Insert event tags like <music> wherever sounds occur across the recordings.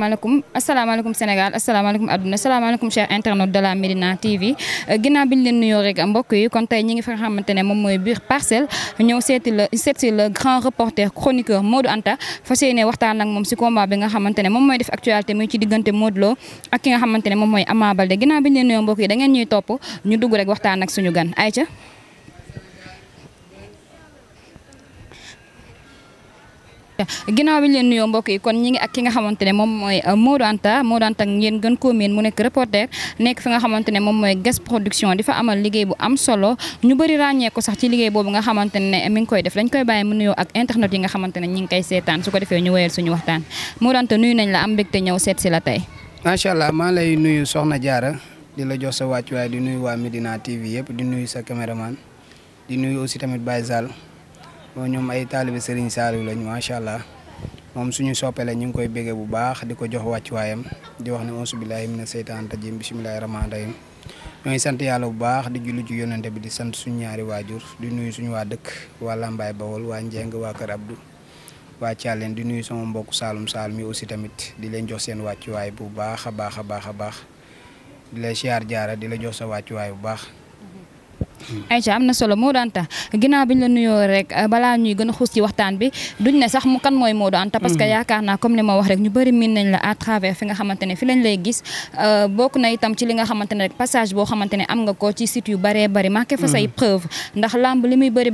maaleykum asalaamaaleykum Sénégal asalaamaaleykum adduna asalaamaaleykum cher internaute de la Médina TV euh, ginnaaw bi ñu leen nuyoo rek mbokk yi kon tey ñi ngi fi nga xamante ne moom mooy biir parcelle ñëw seeti la seeti le grand reporter chroniqueur Modou Anta fas yéene waxtaan ak moom si combat bi nga xamante ne moom mooy def actualité muy ci diggante Modou Lo ak ki nga xamante ne moom mooy Ama Baldé ginnaaw bi ñu leen nuyoo mbokk yi da ñuy topp ñu dugg rek waxtaan suñu gan Aïcha ginnaaw bi ñu leen nuyoo mbokk yi kon ñi ngi ak ki nga xamante ne moom mooy euh, Modou Anta Modou Anta ngeen gën koo miin mu nekk reporter nekk fi nga xamante ne moom mooy Guest Production di fa amal liggéey bu am solo ñu bëri ràññeeku sax ci liggéey boobu nga xamante ne mi ngi koy def dañ koy bàyyi mu nuyoo ak internet yi nga xamante ne ñi ngi koy seetaan su ko defee ñu wéyal suñu waxtaan Modou Anta nuyu nañ la am mbégte ñëw seet si la tey macha allah maa lay nuyu soxna Diarra di la jox sa wàccuwaay di nuyu waa Medina TV yëpp di nuyu sa caméraman di nuyu aussi tamit Baye bon ñoom ay taalibe Serigne Saliou lañ macha allah moom suñu soppe la ñu ngi koy béggee bu baax di ko jox wàccuwaayam di wax ne auzu billaahi mina seytaan rajim bismillaahi rahmaani rahim ñooy sant yàlla bu baax di jullu ci yonente bi di sant suñu ñaari waajur di nuyu suñu waa dëkk waa Lambaay Bawol waa Njeng waa Kër Abdou waa Thialène di nuyu sama mbokk Saalum Saalum yi aussi tamit di leen jox seen wàccuwaay bu baax a baax a baax a baax di la siyaar jaara di la jox sa wàccuwaay bu baax Aïcha am na solo Modou Anta ginnaaw bi ñu la nuyoo rek euh, balaa ñuy gën a xuus ci waxtaan bi duñ ne sax mu kan mooy Modou Anta parce que mm. yaakaar naa comme li ma wax rek ñu bëri miin nañ la à travers fi nga xamante ne fi lañ lay gis euh, bokk na itam ci li boo xamante ne am nga ko ci site yu bëree bëri marqué fa mm. say preuve ndax lamb li muy bëri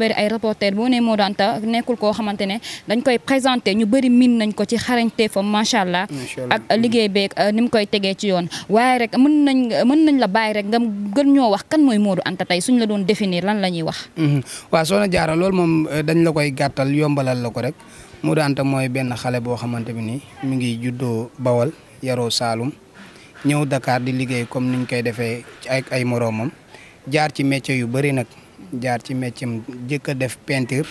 ko ci xarañte fa macha allah ak liggéey euh, koy tegee ci yoon waaye rek mën nañ mën nañ la bàyyi rek nga gën ñoo wax suñ la doon mun définir lan la ñuy wax. Mhm. waaw Soxna Diarra loolu moom eh, dañ la koy gàttal yombalal la ko rek Modou Anta mooy benn xale boo xamante bi nii mi ngi juddoo bawal yaroo Saalum ñëw dakaar di liggéey comme niñ koy defee ak ay moroomam jaar ci métier yu bëri nag jaar ci métier am a def peinture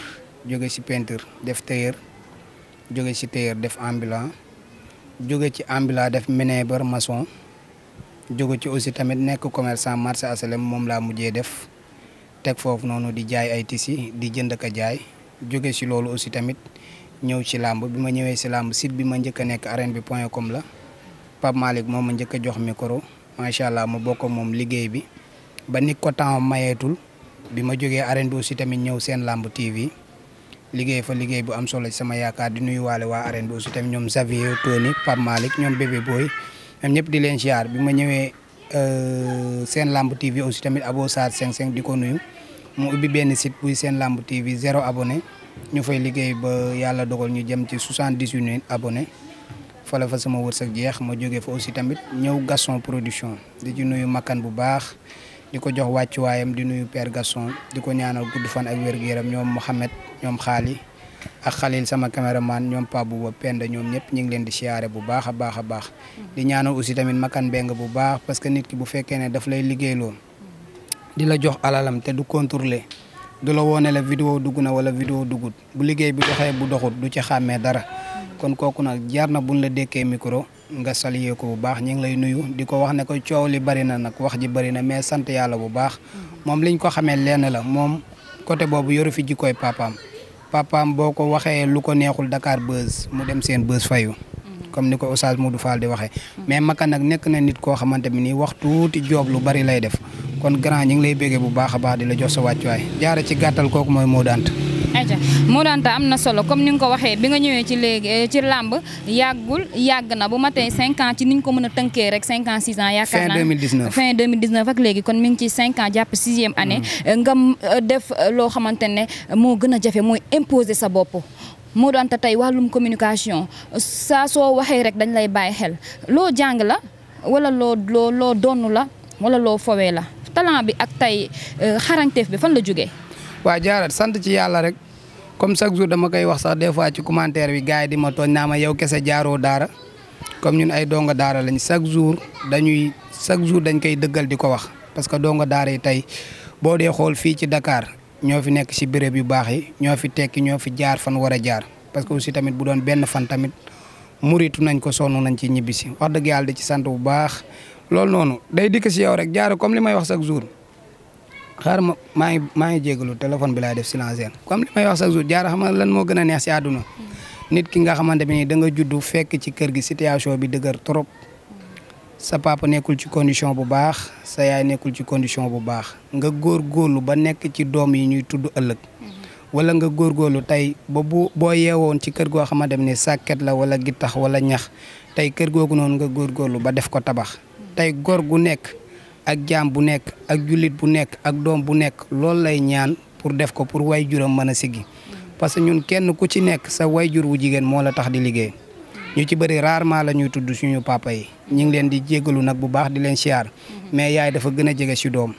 joge ci peinture def tailleur jóge ci tailleur def ambulant joge ci ambulant def menuisier mason jóge ci aussi tamit nekk commerçant marché asalem moom laa mujjee def teg foofu noonu di jaay ay tisi di jënd ak a jaay jóge si loolu aussi tamit ñëw ci làmb bi ma ñëwee si làmb site bi ma njëkk a nekk arène bi point com la Pape Malick moom ma njëkk a jox micro macha allah ma bokk moom liggéey bi ba ni ko temps mayeetul bi ma jógee arène bi aussi tamit ñëw seen làmb TV liggéey fa liggéey bu am solo ci sama yaakaar di waale waa arène bi aussi tamit ñoom Xavier Tony Pape Malick ñoom bébé booy ñoom di leen ziar bi ma Euh, seen lamb TV aussi tamit abo Sarr 55 di ko nuyu mu ubbi benn site buy seen lamb TV zéro abone ñu fay liggéey ba yàlla dogal ñu jëm ci soixante-dix-huit abone fala fa sama wërsëg jeex ma jóge fa aussi tamit ñëw Gaston production di ci nuyu makkan bu baax di ko jox wàccuwaayam di nuyu père Gaston di ko ñaanal gudd fan ak wér yaram ñoom Mouhamed ñoom xaali ak xalil sama caméraman ñoom pa buba penda ñoom ñëpp ñu ngi leen di siyaare bu baax a baax a baax di ñaanal aussi tamit makan beng bu baax parce que nit ki bu fekkee ne daf lay liggéeyloo di la jox alalam te du contrôler du la woone la vidéo dugg na wala vidéo dugut bu liggéey bi doxee bu doxut du ci xàmmee dara kon kooku nag jaar na buñ la dekkee micro nga saliyee ko bu baax ñu ngi lay nuyu di ko wax ne ko coow li bari na nag wax ji bari na mais sant yàlla bu baax moom liñ ko xamee lenn la moom côté boobu yoru fi jikkooy papaam papaam boo ko waxee lu ko neexul dakaar Buzz mu dem seen Buzz fayu mhm. comme ni ko Oustaz Modou Fall di waxee mhm. mais Maka nag nekk na nit koo xamante bi nii wax tuuti joob lu bari lay def kon grand ñi ngi lay béggee bu baax a baax di la jox sa waay jaara ci gàttal kooku mooy moo Anta aja moo daanta am na solo comme ni nga ko waxee bi nga ñëwee ci léegi eh, ci làmb yàggul yàgg na bu matee cinq ans ci ni ñu ko mën a tënkee rek cinq ans six ans yaakaar naa fin 2019 ak léegi kon mi ngi ci cinq ans jàpp sixième année mm. eh, nga eh, def loo xamante ne moo gën a jafe mooy imposer sa bopp moo doon tey wàllum communication saa soo waxee rek dañ lay bàyyi xel loo jàng la wala loo loo donn la wala loo foowee la talent bi ak tey xarañteef bi fan la jógee waa jaarat sant ci yàlla rek comme chaque jour dama koy wax sax des fois ci commentaire bi gars yi di ma tooñ naa ma yow kese jaaroo daara comme ñun ay donga daara lañ chaque jour dañuy chaque jour dañ koy dëggal di ko wax parce que donga daara yi tey boo dee xool fii ci Dakar ñoo fi nekk si béréb yu baax yi ñoo fi tekki ñoo fi jaar fan war a jaar parce que aussi tamit bu doon benn fan tamit muritu nañ ko sonn nañ ci ñibbi wax dëgg yàlla ci sant bu baax loolu noonu day dikk si yow rek jaare comme li may wax chaque jour xaar ma maa ngi maa ngi téléphone bi laay def silenceur comme li may wax chaque jour jaara xam lan moo gën a neex si àdduna hmm. nit ki nga xamante bi nii da nga juddu fekk ci kër gi situation bi dëgër trop sa papa nekkul ci condition bu baax sa yaay nekkul ci condition bu baax nga góorgóorlu ba nekk ci doom yi ñuy tudd ëllëg hmm. wala nga góorgóorlu tey ba bu boo yeewoon ci kër goo xamante bi ni sàkket la wala gittax wala ñax tey kër googu noonu nga góorgóorlu ba def ko tabax hmm. ak jaam bu nekk ak jullit bu nekk ak doom bu nekk loolu lay ñaan pour def ko pour way juram mën a siggi parce que ñun kenn ku ci nekk sa way jur wu jigéen moo la tax di liggéey ñu ci bëri rarement la ñuy tudd suñu papa yi ñu ngi leen di jégalu nag bu baax di leen siyaar mais yaay dafa gën a jege si doom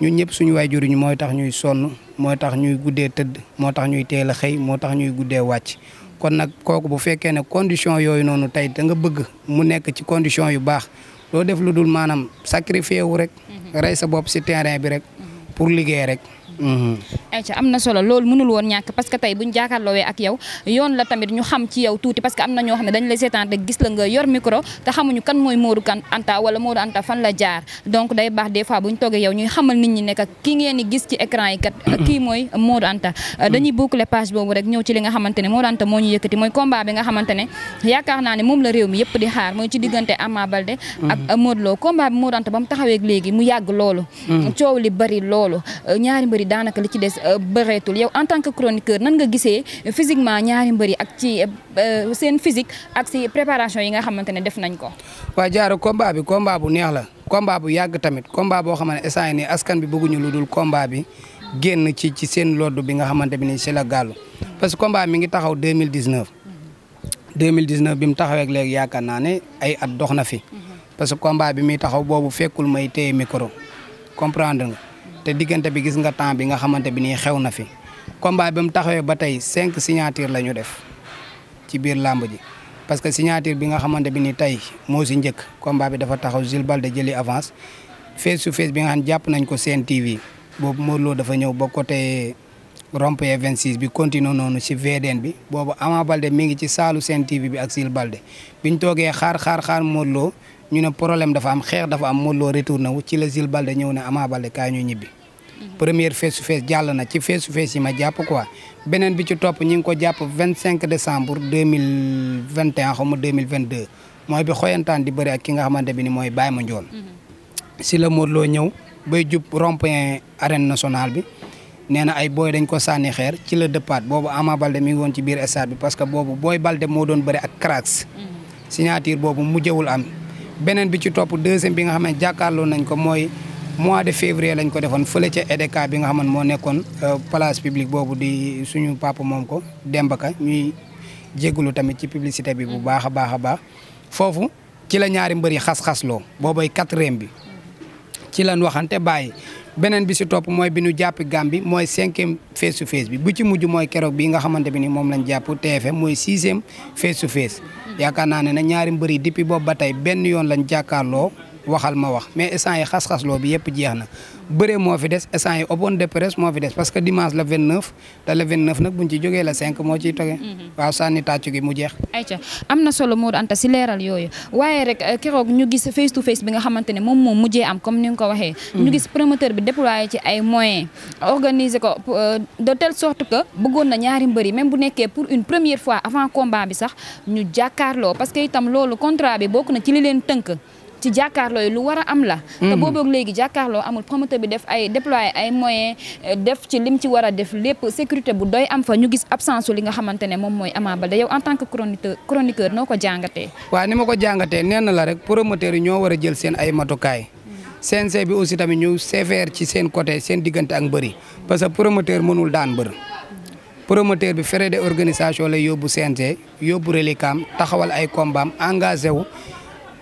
ñun ñëpp suñu waay jur ñu mooy tax ñuy sonn mooy tax ñuy guddee tëdd moo tax ñuy teel a xëy moo tax ñuy guddee wàcc kon nag kooku bu fekkee ne condition yooyu noonu tey da nga bëgg mu nekk ci condition yu baax doo def lu dul maanaam sacrifié wu rek. Mhm. rey sa bopp si terrain bi rek. Mhm. pour liggéey rek Mm-hmm. ayca am na solo loolu mënul woon ñàkk parce que tey buñ jàkkaarloowee ak yow yoon la tamit ñu xam ci yow tuuti parce que am na ñoo xam ne dañ la seetaan rek gis la nga yor micro te xamuñu kan mooy Modou kan Anta wala Modou Anta fan la jaar donc day baax des fois ñuy xamal nit ñi ne ki ngeen di gis ci écran yi kat <coughs> kii mooy Modou Anta euh, dañuy boobu rek ñëw ci li nga xamante ne Modou Anta moo ñu yëkkati mooy combat bi nga xamante ne yaakaar naa ne moom la réew mi yëpp di xaar mooy ci diggante Ama Baldé mm-hmm. ak euh, Modou Lo combat bi Modou Anta ba mu taxawee léegi mu yàgg loolu mm-hmm. coow li bari loolu euh, ñaari mbëri daanaka li ci des euh, bëreetul yow en tant que chroniqueur nan nga gisee fisiquement ñaari mbër ak ci euh, euh, seen physique ak si préparation yi nga xamante ne def nañ ko. waa jaaro combat bi combat bu neex la combat bu yàgg tamit combat boo xam ne instant yii askan bi bëgguñu lu dul combat bi génn ci ci seen lodd bi nga xamante bi ni si la gàllu parce que combat mi ngi taxaw 2019. 2019 bi mu taxawee léegi yaakaar naa ne dox na fi. Mhm. parce que combat bi muy taxaw boobu fekkul may téye micro comprendre nga. te diggante bi gis nga temps bi nga xamante bi nii xew na fi combat bi mu taxawee ba tey cinq signature la ñu def ci biir làmb ji parce que signature bi nga xamante bi ni tey moo si njëkk combat bi dafa taxaw Jules Balde jëli avance face to face bi nga xam jàpp nañ ko seen TV boobu Modou dafa ñëw ba côté vingt 26 bi continue noonu si VDN bi boobu Ama Balde mi ngi ci saalu seen TV bi ak Jules Balde biñ toogee xaar xaar xaar Modou ñu ne problème dafa am xeex dafa am Modou Lo retourné wu ci la Zil Balde ñëw ne Ama Balde kaay ñu ñibbi. Mhm. première face to jàll na ci face to yi ma jàpp quoi beneen bi ci topp ñu ngi ko jàpp 25 décembre 2021 xaw ma 2022 mooy bi xoyantaan di bëri ak ki nga xamante bi ni mooy Baye Mandione. Mhm. si la Modou Lo ñëw bay jub rond-point arène nationale bi nee na ay booy dañ ko sànni xeer ci la dëppaat boobu Ama Balde mi ngi woon ci biir stade bi parce que boobu booy Balde moo doon bëri ak Cracks mhm. signature boobu mujjewul am. beneen bi ci topp deuxième bi nga xam ne jàkkaarloo nañ ko mooy mois de février lañ ko defoon fële ca EDK bi nga xam ne moo nekkoon euh, place publique boobu di suñu papa moom ko Demba ñuy jégalu tamit ci publicité bi bu baax a baax a baax foofu ci la ñaari mbër yi xas-xasloo boobay quatrième bi ci lañ waxante bàyyi beneen bi si topp mooy bi nu jàpp Gambie mooy cinquième face to face bi bu ci mujj mooy keroog bii nga xamante bi ni moom lañ jàpp TFM mooy sixième face to face hmm. yaakaar naa ne na ñaari mbër yi depuis boobu ba tey benn yoon lañ jàkkaarloo waxal ma wax mais instant yi xas-xasloo bi yëpp jeex na bëre moo fi des instant yi open de presse moo fi des parce que dimanche la 29 te la 29 nag buñ ci jógee la 5 moo ciy toge mhm. waaw sànni mu jeex ayca am na solo Modou Anta si leeral yooyu waaye rek euh, keroog ñu gis face to face bi nga xamante ne moom moom mujjee am comme ni nga ko waxee mhm. ñu gis promoteur bi déployé ci ay moyens organiser ko euh, de tele sorte que bëggoon na ñaari mbër yi même bu nekkee pour une première fois avant combat bi sax ñu jàkkaarloo parce que itam loolu contrat bi bokk na ci li leen tënk ci jàkkaarloo yi lu war a am la te mm-hmm. booboog léegi jàkkaarloo amul promoteur bi def ay déployer ay moyens euh, def ci lim ci war a def lépp sécurité bu doy am fa ñu gis absence li nga xamante ne moom mooy Ama Baldé yow en tant que chroniqueur chroniqueur noo ko jàngatee waa ni ma ko jàngatee nee na la rek promoteurs yi ñoo war a jël seen ay matukaay mm-hmm. CNG bi aussi tamit ñu sévère ci seen côté seen diggante ak bëri parce que promoteur mënul daan mbër promoteur bi frais d'organisation lay yóbbu CNG yóbbu reliquat am ay combat engagé wu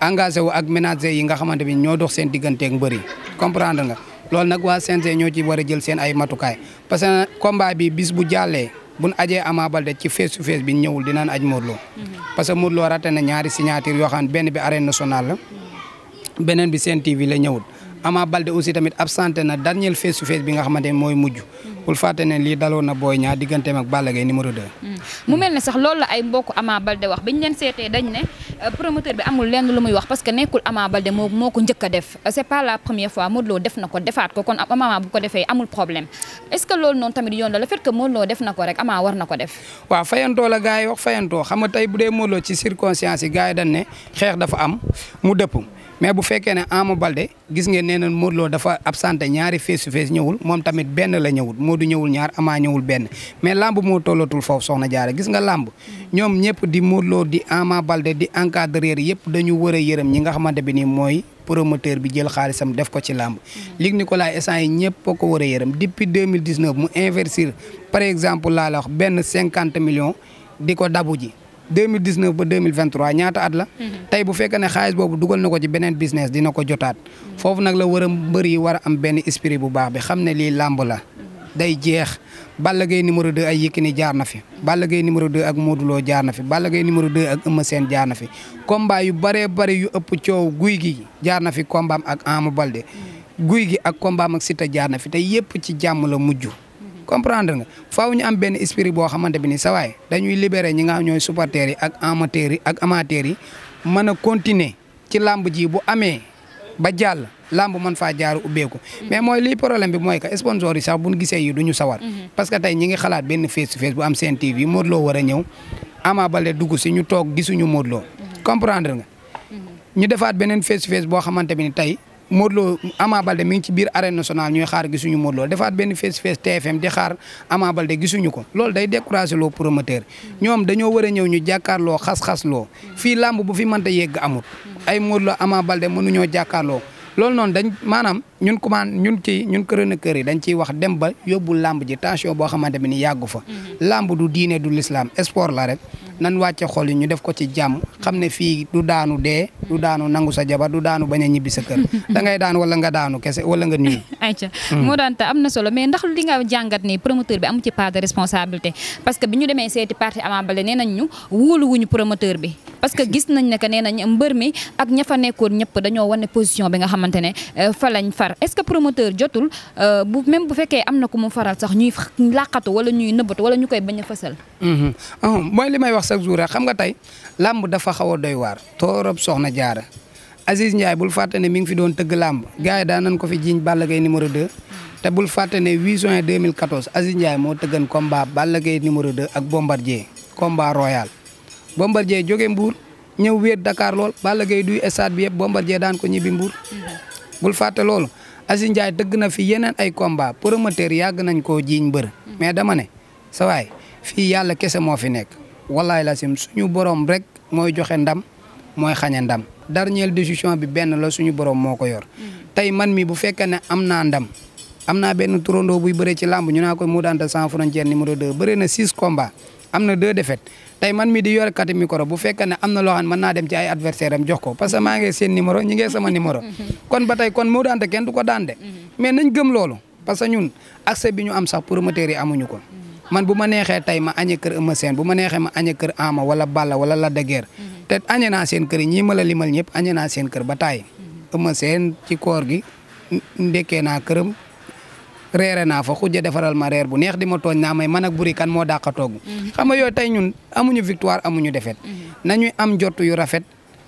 engagé wu ak ménager yi nga xamante bi ñoo dox seen digganteeg mbër yi comprendre nga loolu nag waa CNG ñoo ci war a jël seen ay matukaay parce que combat bi bis bu jàllee buñ ajee Ama Baldé ci face to face bi ñëwul dinañ aj Modou Lo mhm. parce que Modou na ñaari signature yoo bi arène nationale beneen bi Sen TV la ñëwul Ama Baldé aussi tamit absenté na dernier face to bi nga xamante ne mooy mujj mhm. bul fàtte ne lii daloon na Boy Niang digganteem ak Balla Gaye numéro 2. Mm. mu mel Euh, promoteur bi amul lenn lu muy wax parce que nekkul Ama Baldé moo moo ko njëkk a def c'est pas la première fois Modou Lo ko defaat ko kon Ama bu ko defee amul problème est-ce que loolu noonu tamit yoon la le fait que Modou Lo def na ko rek Ama war ko def waaw fayantoo la gars yi wax tey bu dee Modou Lo ci circonstance yi gars yi dañ ne xeex dafa am mu dëpp mais bu fekkee ne Ama Balde gis ngeen nee na Modou Lo dafa absenté ñaari face to face ñëwul moom tamit benn la ñëwul Modou ñëwul ñaar Ama ñëwul benn mais làmb moo tollatul foofu soxna jaare gis nga làmb ñoom ñëpp di Modou Lo di Ama Balde di encadreur yëpp dañu war yërëm ñi nga xamante bi nii mooy promoteur bi jël xaalisam def ko ci làmb Luc Nicolaï essant yi ñëpp ko war a yërëm depuis 2019 mu investir par exemple laa la wax benn cinquante millions di ko dabu ji 2019 ba 2023 ñaata at la mhm. tey bu fekkee ne xaalis boobu dugal na ko ci beneen business dina ko jotaat mhm. foofu nag la war a mbër yi war a am benn esprit bu baax bi xam ne lii làmb la mhm. day jeex Balla Gaye numéro 2 ay Yékini jaar na fi Balla Gaye numéro 2 ak Modou Lo jaar na fi Balla Gaye numéro 2 ak Eumeu Sène jaar na fi combat yu bëree bëri yu ëpp coow guy gi jaar na fi combat ak Ama Baldé guy gi ak combat am ak Siteu jaar na fi tey yépp ci jàmm la mujj comprendre nga faaw ñu am benn esprit boo xamante bi ni sa waay dañuy libéré ñi nga xam ñooy supporters yi ak amateurs yi ak amateurs yi mën ci làmb ji bu amee ba jàll làmb man faa jaar ubbeeku mm-hmm. mais mooy lii problème bi mooy que sponsor yi sax buñ gisee yi du ñu sawar mm-hmm. parce que tey ñi ngi xalaat benn face to face bu am seen TV Modou Lo war a ñëw Ama Baldé dugg si ñu toog gisuñu Modou Lo mm-hmm. nga ñu defaat beneen face to face boo xamante bi ni tey Modou Lo Ama Balde mi ngi ci biir arène nationale ñuy xaar gisuñu Modou Lo defaat benn face face TFM di xaar Ama Balde gisuñu ko loolu day découragé loo promoteur ñoom dañoo war a ñëw ñu jàkkaarloo xas-xas loo fii làmb bu fi mënta yegg amut ay Modou Lo Ama Balde mënuñoo jàkkaarloo loolu noonu dañ maanaam ñun commande ñun ci ñun chroniqueurs yi dañ ciy wax dem ba yóbbu làmb ji tension boo xamante ne ni yàggu fa mm-hmm. làmb du diine du lislaam sport la rek nan wàcce xol yi ñu def ko ci jàmm xam ne fii du daanu dee du daanu nangu sa jabar du daanu bañ a ñibbi sa kër <laughs> da ngay daan wala nga daanu kese wala nga nii ayca <laughs> moo mm. daan ta am na solo mais ndax li nga jàngat ni promoteur bi amu ci part de responsabilité parce que bi ñu demee seeti parti Ama Baldé nee nañ ñu wóoluwuñu promoteur bi parce que gis nañ ne que nee nañ mbër mi ak ña fa nekkoon ñëpp dañoo wane position bi nga xamante ne euh, fa lañ far est-ce que promoteur jotul euh, bu même bu fekkee am na ku mu faral sax ñuy làqatu wala ñuy nëbbatu wala ñu koy bañ a fësal mm-hmm. ah, chaque jour xam nga tey làmb dafa xaw a doy waar toorab soxna jaara Aziz Ndiaye bul fàtte ne mi ngi fi doon tëgg làmb gars yi daan nañ ko fi jiiñ Balla Gaye numéro 2 te bul fàtte ne 8 juin 2014 Aziz Ndiaye moo tëggan combat Balla Gaye numéro 2 ak Bombardier combat royal Bombardier joge mbuur ñëw wéet dakaar lool Balla Gaye duy stade bi yëpp jee daan ko ñibbi Mbour bul fàtte loolu Aziz Ndiaye tëgg na fi yeneen ay combat promoteur yàgg nañ koo jiiñ mbër mais dama moo fi nekk wallaay la sim suñu borom rek mooy joxe ndam mooy xañe ndam dernière décision bi benn la suñu borom moo ko yor. Mm-hmm. tey man mi bu fekkee ne am naa ndam am naa benn turandoo buy bëree ci làmb ñu naa ko Modou Anta sans frontière numéro 2 bëree na 6 combats am na 2 défaites tey man mi di yor kati micro bu fekkee ne am na loo xam mën naa dem ci ay adversaire am jox ko parce que maa ngi seen numéro ñi ngi sama numéro. Mm-hmm. kon ba tey kon Modou Anta kenn du ko daan de mm-hmm. mais nañ gëm loolu parce que ñun accès bi ñu am sax promoteurs yi amuñu ko. man bu ma neexee tey ma añee kër Eumeu Sène bu ma neexee ma añee kër Ama wala Balla wala Lac de mhm. te añee naa seen kër yi ñii ma la limal ñëpp añee seen kër ba tàyyi mhm. Eumeu seen ci koor gi ndekkee naa këram reere naa fa xujja defaral ma reer bu neex di ma tooñ naa may man ak buri kan moo dàq a togg mhm. xam nga yooyu tey ñun amuñu victoire amuñu défaite nañuy am njort yu rafet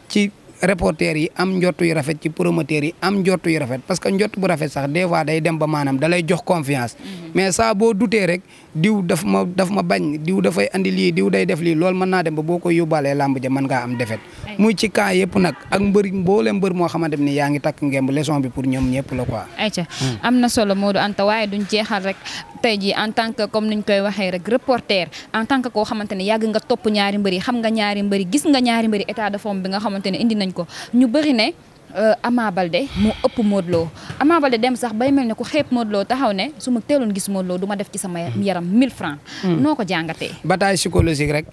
ci reporters yi am njort yu rafet ci promoteurs yi am njort yu rafet parce que njort bu rafet sax des fois day dem ba maanaam da lay jox confiance mais saa boo dutee diw daf ma daf ma bañ diw dafay indi lii diw day def lii lool mën naa dem ba boo koy yóbbaalee làmb man mën am defet muy ci cas yëpp nag ak mbër mboole mbër moo xamante ni yaa ngi takk ngemb leçon bi pour ñoom ñëpp la ko ayca hmm. am na solo Modou Anta waaye duñ jeexal rek tey jii en tant que comme ñu koy waxee rek reporter en tant que koo xamante ne yàgg nga topp ñaari mbër yi xam nga ñaari mbëri gis nga ñaari mbëri yi état de forme bi nga xamante ne indi nañ ko ñu bëri ne Euh, Ama Balde mu ëpp Modou Lo Ama Balde dem sax bay mel ne ku xeeb Modou Lo taxaw ne su ma teeloon gis Modou Lo du def ci sama hmm. yaram 1000 francs hmm. noo ko jàngatee. bataille psychologique rek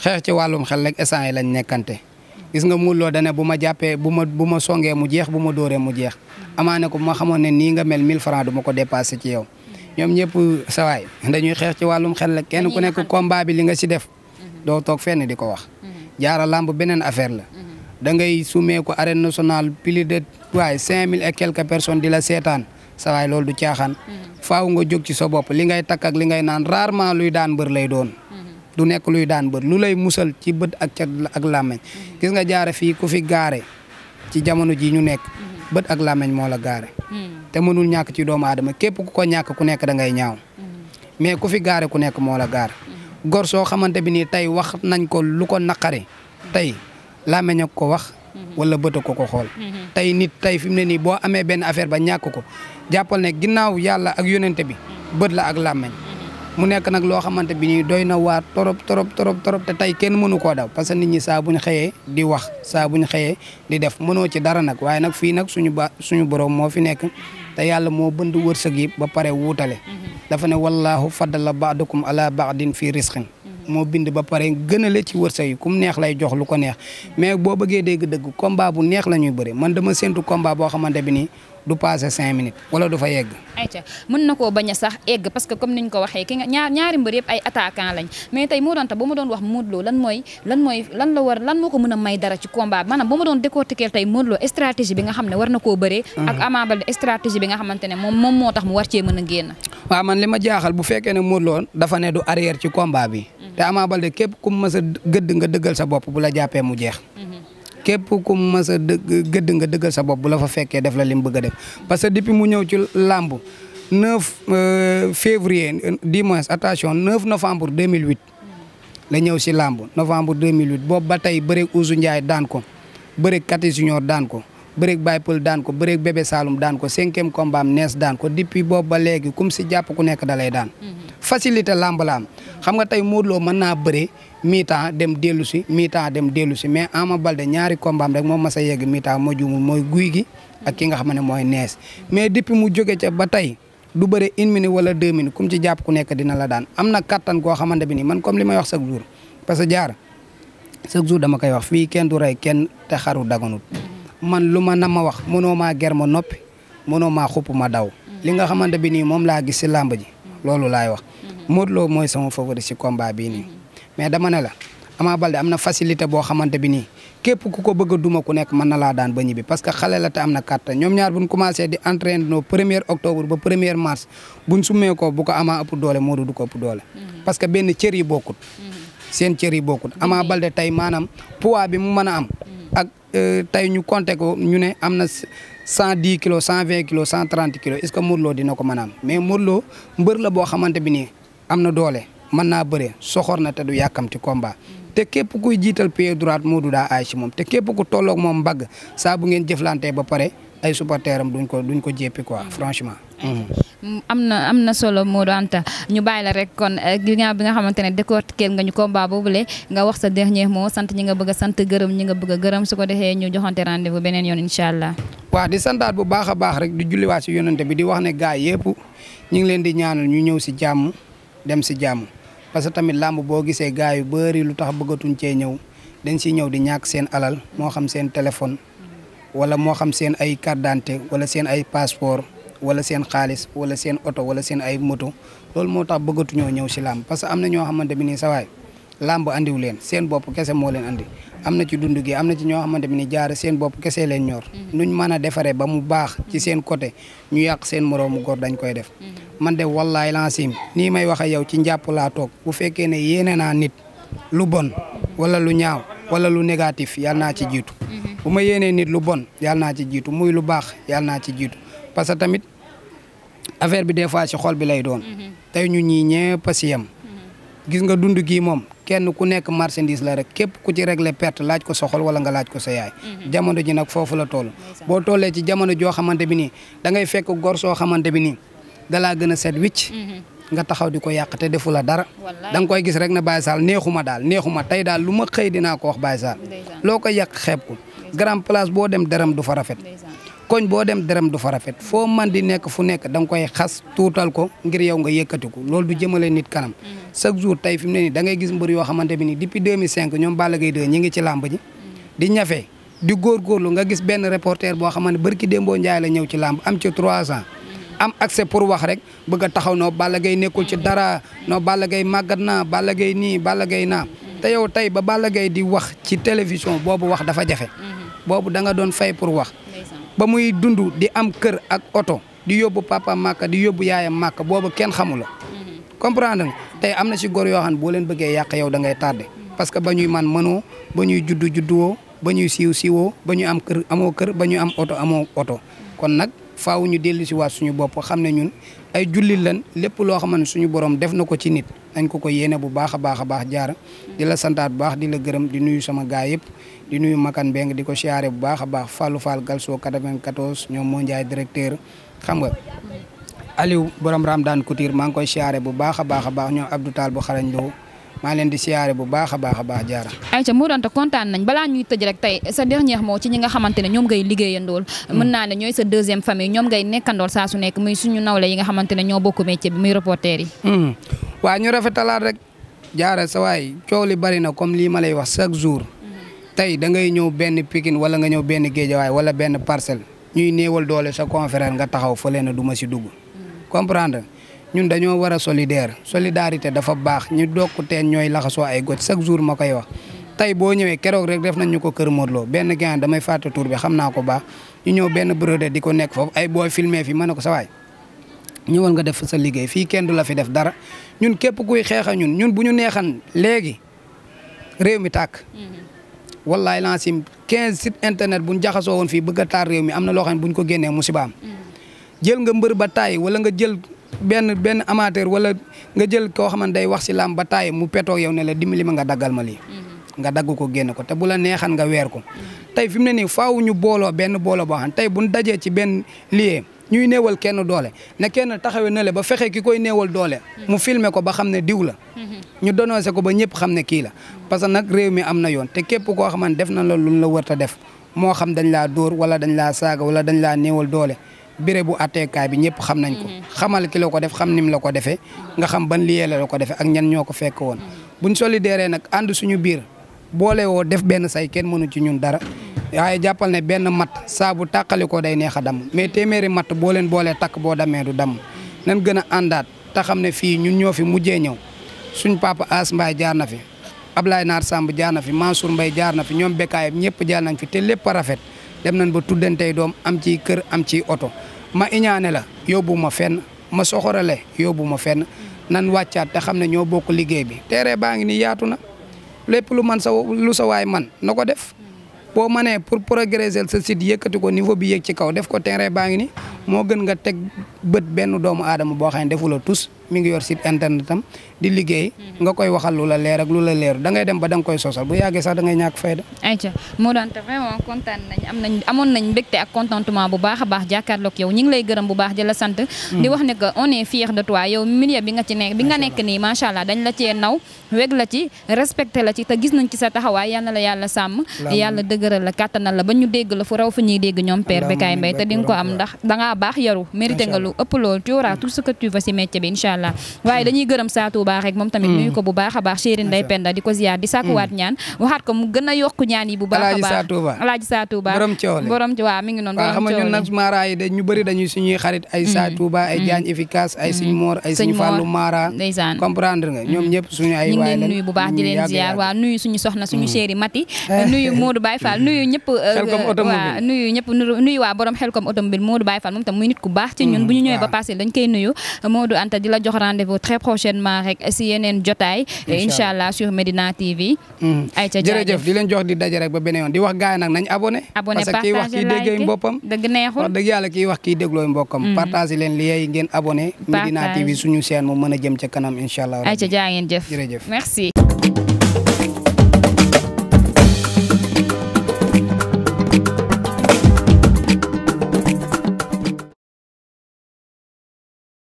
xeex ci wàllum xel rek instant yi lañ nekkante gis nga Modou da ne bu ma jàppee bu ma bu ma songee mu jeex bu ma dóoree mu jeex Ama ko bu ma xamoon ne nii nga mel 1000 francs du ma ko dépassé ci yow ñoom ñëpp sawaay dañuy xeex ci wàllum xel rek kenn ku nekk combat bi li nga si def hmm. doo toog fenn di ko wax jaara làmb beneen affaire la. da ngay sumee ko arène nationale plus de waaye cinq mille et quelques personnes di la seetaan sa loolu du caaxaan. Mm-hmm. faaw nga jóg ci sa bopp li ngay takk ak li ngay naan rarement luy daan bër lay doon. Mm-hmm. du nekk luy daan bër lu lay musal ci bët ak ca ak làmmeñ mm-hmm. gis nga jaare fii ku fi gaare ci jamono ji ñu nekk. bët ak làmmeñ moo la gaare. te mënul ñàkk ci doomu aadama képp ku ko ñàkk ku nekk dangay ñaaw. mais ku fi gaare ku nekk moo la gaar. gor soo xamante bi nii tey wax nañ ko lu ko naqari tey. làmmeñ ak ko wax. Mhm. wala bët ko ko xool. Mhm. tey nit tey fi mu ne nii boo amee benn affaire ba ñàkk ko jàppal ne ginnaaw yàlla ak yonente bi bët la ak làmmeñ mhm. mu nekk nag loo xamante bi nii doy na waar torop torop torop torop te tey kenn mënu koo daw parce que nit ñi saa bu xëyee di wax saa bu ñu xëyee di def mënoo ci dara nag waaye nag fii nag suñu ba suñu borom moo fi nekk te yàlla moo bënd wërsëg yi ba pare wuutale dafa ne wallahu faddala ba'dakum baax ba'din fii risqin moo bind ba pare gën a la ci wërsëg yi ku neex lay jox lu ko neex mais boo bëggee dégg dëgg combat bu neex la ñuy bëri man dama séntu combat boo xamante bi nii du passé cinq minutes wala du fa yegg. ayca mën na ko bañ a sax egg parce que comme ni ñu ko waxee ki nga ñaar ñaari mbër yëpp ay attaquant lañ mais tey moo doon tax ba ma doon wax Modou Lo mooy lan mooy lan la war lan moo ko mën a may dara ci combat bi maanaam ba ma doon décortiquer tey Modou Lo stratégie bi nga xam ne war na ko bëree. Hmm. ak Ama Baldé stratégie bi nga xamante ne moom moom moo tax mu war cee mën a génn. waaw man li ma jaaxal bu fekkee ne Modou Lo dafa ne du arrière ci combat bi. Hmm. te Ama Baldé képp ku gëdd nga dëggal sa bopp bu la jàppee mu jeex. Hmm. képp ku mas a gëdd nga dëggal sa bopp bu la fa fekkee def la li mu a def parce que depuis mu ñëw ci làmb 9 euh, février dimanche attention 9 novembre 2008 la ñëw si làmb novembre 2008 boobu ba tey bëreeg Oussou Ndiaye daan ko bëreeg Kati Junior daan ko bëreeg Baypal daan ko bëreeg Bébé Saloum daan ko cinquième combat am nees daan ko depuis boobu ba léegi kum si jàpp ku nekk da daan. Mhm. facilité làmb xam nga tey Modou Lo mën naa bëre mi-temps dem dellu si mi dem dellu si mais Ama Baldé ñaari combat rek moom mas a yegg miita temps moo juumul mooy guy gi ak ki nga xam ne mooy nees mais depuis mu jóge ca ba tey. du bëre une minute wala deux minutes kum ci jàpp ku nekk dina la daan am na kattan koo xamante bi nii man comme li may wax chaque jour parce que jaar chaque jour dama koy wax fii kenn du rey kenn te xaru daganut man lu ma na ma wax mënoo maa ger ma noppi mënoo maa xupp ma daw. li nga xamante bi nii moom laa gis si làmb loolu laay wax. Modou Lo mooy sama favori si combat bii nii. mais dama ne la Ama Baldé am na facilité boo xamante bi nii képp ku ko bëgg a duma ku nekk mën na laa daan ba ñibbi parce que xale la te am na kàttan ñoom ñaar buñ commencé di entraîner no premier octobre ba premier mars buñ summee ko bu ko amaa ëpp doole moo du ko ëpp doole. parce que benn cër yi bokkut. Mm-hmm. seen cër yi bokkut Ama Baldé tey maanaam poids bi mu mën a am. Euh, tey ñu compté ko ñu ne am na cent di kilos cent vingt kilos cent trente kilos est ce que Modou dina ko mën a mais Modou Lo mbër la boo xamante bi nii am na doole mën naa bëree soxor na te du yàkkamti combat te képp kuy jiital pied droit Modou daa aay si moom te képp ku tolloog moom mbagg saa bu ngeen jëflante ba pare. ay supporteram duñ ko duñ ko jéppi quoi franchement. Mm-hmm. am na am na solo moo Anta ñu bàyyi la rek kon eh, ginnaaw bi nga xamante ne kenn nga ñu combat le nga wax sa dernier moo sant ñi nga bëgg sant gërëm ñi nga bëgg gërëm su ko defee ñu joxante rendez-vous beneen yoon incha allah. waa di santaat bu baax a baax rek di julliwaat si yonante bi di wax ne gars yëpp ñu ngi leen di ñaanal ñu ñëw si jàmm dem si jàmm parce que tamit làmb boo gisee gars yu bëri lu tax bëggatuñ cee ñëw dañ si ñëw di ñàkk seen alal moo xam seen téléphone. wala moo xam seen ay carte d'identité wala seen ay passeport wala seen xaalis wala seen oto wala seen ay moto loolu moo tax bëggatuñoo ñëw si làmb parce que am na ñoo xamante bi nii sawaay làmb andiw leen seen bopp kese moo leen andi am na ci dund gi am na ci ñoo xamante bi ni jaare seen bopp kese leen ñor mm-hmm. nuñ mën a defaree ba mu baax ci mm-hmm. seen côté ñu yàq seen moroomu góor dañ koy def mm-hmm. man de wallaay lancim nii may wax ak yow ci njàpp laa toog bu fekkee ne yéene naa nit lu bon wala lu ñaaw wala lu négatif yàlla naa ci jiitu bu ma yéenee nit lu bon yàlla naa ci jiitu muy lu baax yàlla naa ci jiitu parce que tamit affaire bi des fois ci xol bi lay doon. Mhm. tey ñu ñii ñëpp a si yem mhm. gis nga dund gii moom kenn ku nekk marchandise la rek képp ku ci régler perte laaj ko sa xol wala nga laaj ko sa yaay. Mhm. jamono ji nag foofu la tool boo tollee ci jamono joo xamante bi nii da ngay fekk gor soo xamante bi nii dalaa gën a set wicc. nga taxaw di ko yàq te defu la dara. da nga koy gis rek na Baye Sall neexuma daal tey daal lu ma xëy dinaa ko wax Baye loo ko yàq xeeb ko. grand place boo dem deram du fa rafet koñ boo dem deram du fa rafet foo man di nekk fu nekk da nga koy xas tuutal ko ngir yow nga ko loolu du jëmale nit kanam mm. chaque jour tey fi mu ne nii da ngay gis mbër yoo xamante bi ni depuis 2005 ñoom Balla Gaye 2 ñi ngi ci làmb ji mm. di ñafe di góorgóorlu nga gis benn reporter boo xamante barki Dembo Ndiaye la ñëw ci làmb am ci 300 mm. am accès pour wax rek bëgg a taxaw noo bala gay nekkul ci dara noo Balla gay màggat naa Balla Gaye nii Balla gay naa te yow tey ba bala gay di wax ci télévision boobu wax dafa jafe boobu da nga doon fay pour wax ba muy dund di am kër ak oto di yóbbu papa màkka di yóbbu yaayam màkka boobu kenn xamula mm-hmm. comprendre nga tey am na si gor yoo xam ne boo leen bëggee yàq yow da ngay mm-hmm. parce que ba ñuy man mënoo ba ñuy juddu judduwoo ba ñuy siiw siiwoo ba ñuy am kër amoo kër ba ñuy am oto amoo oto kon nag faaw ñu dellu si waat suñu bopp xam ne ñun ay jullit leen lépp loo xam ne suñu borom def na ko ci nit nañ ko ko yéene bu baax a baax a baax jaar di la santaat bu baax di la gërëm di nuyu sama gaa yëpp di nuyu Makan Beng di ko siyaare bu baax a baax Fallou Fall Galso 94 ñoom moo njaay directeur xam nga Aliou borom Ramdan kutiir maa ngi koy siyaare bu baax a baax a baax ñoom Abdou taal bu xarañ doo maa leen di siyaare bu baax a baax a baax jaara Aïcha mu doonte kontaan nañ balaa ñuy tëj rek tey sa dernier moo ci ñi nga xamante ne ñoom ngay liggéeyandool hmm. mën naa ne ñooy sa deuxième famille ñoom gay nekkandool saa su nekk muy suñu nawle yi nga xamante ne ñoo bokk métier bi muy reporter yi hmm. waa ñu rafetalaat rek jaara sa waay coow li bari na comme lii ma lay wax chaque jour hmm. tey da ngay ñëw benn Pikine wala nga ñëw benn Géejawaay wala benn parcelle ñuy néewal doole sa confrère nga taxaw fa leen du ma si dugg comprendre ñun dañoo war a solidaire solidarité dafa baax ñu dokkuteen ñooy laxasoo ay got chaque jour ma koy wax tey boo ñëwee keroog rek def nañ ñu ko kër Modou Lo benn gaan damay fàtte tur bi xam naa ko baax ñu ñëw benn brodé di ko nekk foofu ay booy filmé fi mën na ko sa waay ñëwal nga def fa sa liggéey fii kenn du la fi def dara ñun képp kuy xeexa ñun ñun bu ñu neexan léegi réew mi tàkk mm-hmm. wallaay lancim 15 site internet buñ jaxasoo woon fii bëgg a mi am na loo xam ne buñ ko génnee musibaam mm-hmm. jël nga mbër wala nga jël benn benn amateur wala nga jël koo xamante day wax si làmb ba taay mu petoo yow ne la dimbali ma nga daggal ma lii. Mm-hmm. nga dagg ko génn ko te bu la neexan nga weer ko. tey fi mu ne nii fawu ñu booloo benn booloo boo xam tey bu dajee ci benn lieu ñuy néewal kenn doole ne kenn taxawee na le ba fexe ki koy néewal doole. mu mm-hmm. filmer ko ba xam ne diw la. Mm-hmm. ñu dénoncé ko ba ñëpp xam ne kii la. parce que nag réew mi am na yoon te képp koo xamante def na la lu la wërta def moo xam dañ laa dóor wala dañ laa saaga wala dañ laa néewal doole. béré bu àtteekaay bi ñëpp xam nañ ko. Mhm. xamal ki la ko def xam nim la ko defee nga xam ban liyee la ko defee ak ñan ñoo ko fekk woon. buñ solidaire nag ànd suñu biir boole woo def benn say kenn mënu ci ñun dara waaye jàppal ne benn mat saabu bu ko day neex a damm mais téeméeri matt boo leen boolee takk boo damee du dam nan gën a àndaat te xam ne fii ñun ñoo fi mujjee ñëw suñ papa As Mbaye jaar na fi Ablaye Naar Samb jaar na fi Mansour Mbaye jaar na fi ñoom bekkaayam ñëpp jaar nañ fi te lépp rafet. dem nañ ba tuddantey doom am ci kër am ci oto ma iñaane la yóbbu ma fenn ma soxorale yóbbu ma fenn nan wàccaat te xam ne ñoo bokk liggéey bi terrain baa ngi ni yaatu na lépp lu man sa lu sa waay man na ko def boo manee pour progresser sa site yëkkati ko niveau bi yéeg ci kaw def ko terrain baa ngi ni moo gën nga teg bët benn doomu aadama boo xam ne defu la tus mi ngi yor site internet am di liggéey mhm. nga koy waxal lu la leer ak lu la leer da ngay dem ba da nga koy sosal bu yàggee sax da ngay ñàkk fayda ayca moo daan te vraiment kontaan nañ am nañ amoon nañ ak contentement bu baax a baax jàkkaarloog yow ñu ngi lay gërëm bu baax di la sant mhm. di wax ne que on est fier de toi bi nga nekk nii macha dañ la cee naw weg la ci respecté la ci te gis nañ ci sa taxawaay yal na la yàlla sàmm yàlla dëgëral la kàttanal la ba ñu dégg la fu allah waaye dañuy gërëm Sa Touba rek moom tamit mm. nuyu ko bu baax a baax chéri Ndey Penda di ko ziar di sàkkuwaat mm. ñaan waxaat ko mu gën a yokk ñaan yi bu baax a baax alaaji Sa Touba borom coole borom waaw mi ngi noonu borom coole xam nga ñun nag maara yi baax mm. di leen ziar nuyu suñu soxna suñu chéri Mati nuyu <laughs> Modou Baye Fall nuyu ñëpp <laughs> euh, automobile Modou Baye Fall moom tam muy nit ku baax ci ñun bu ñëwee ba passé dañ koy nuyu Modou Anta di la jox jox rendez-vous très prochainement rek si yeneen jotaay. incha allah sur Medina TV. Hmm. ayca jërëjëf di leen jox di daje rek ba beneen yoon di wax gars yi nag nañ abonné. abonné parce que kii wax kii déggee mboppam. dëgg neexul wax dëgg yàlla kii wax kii dégloo hmm. partage leen li yey ngeen abonné. TV suñu chaîne mu mën a jëm ca kanam incha allah. ayca jaa ngeen jëf merci.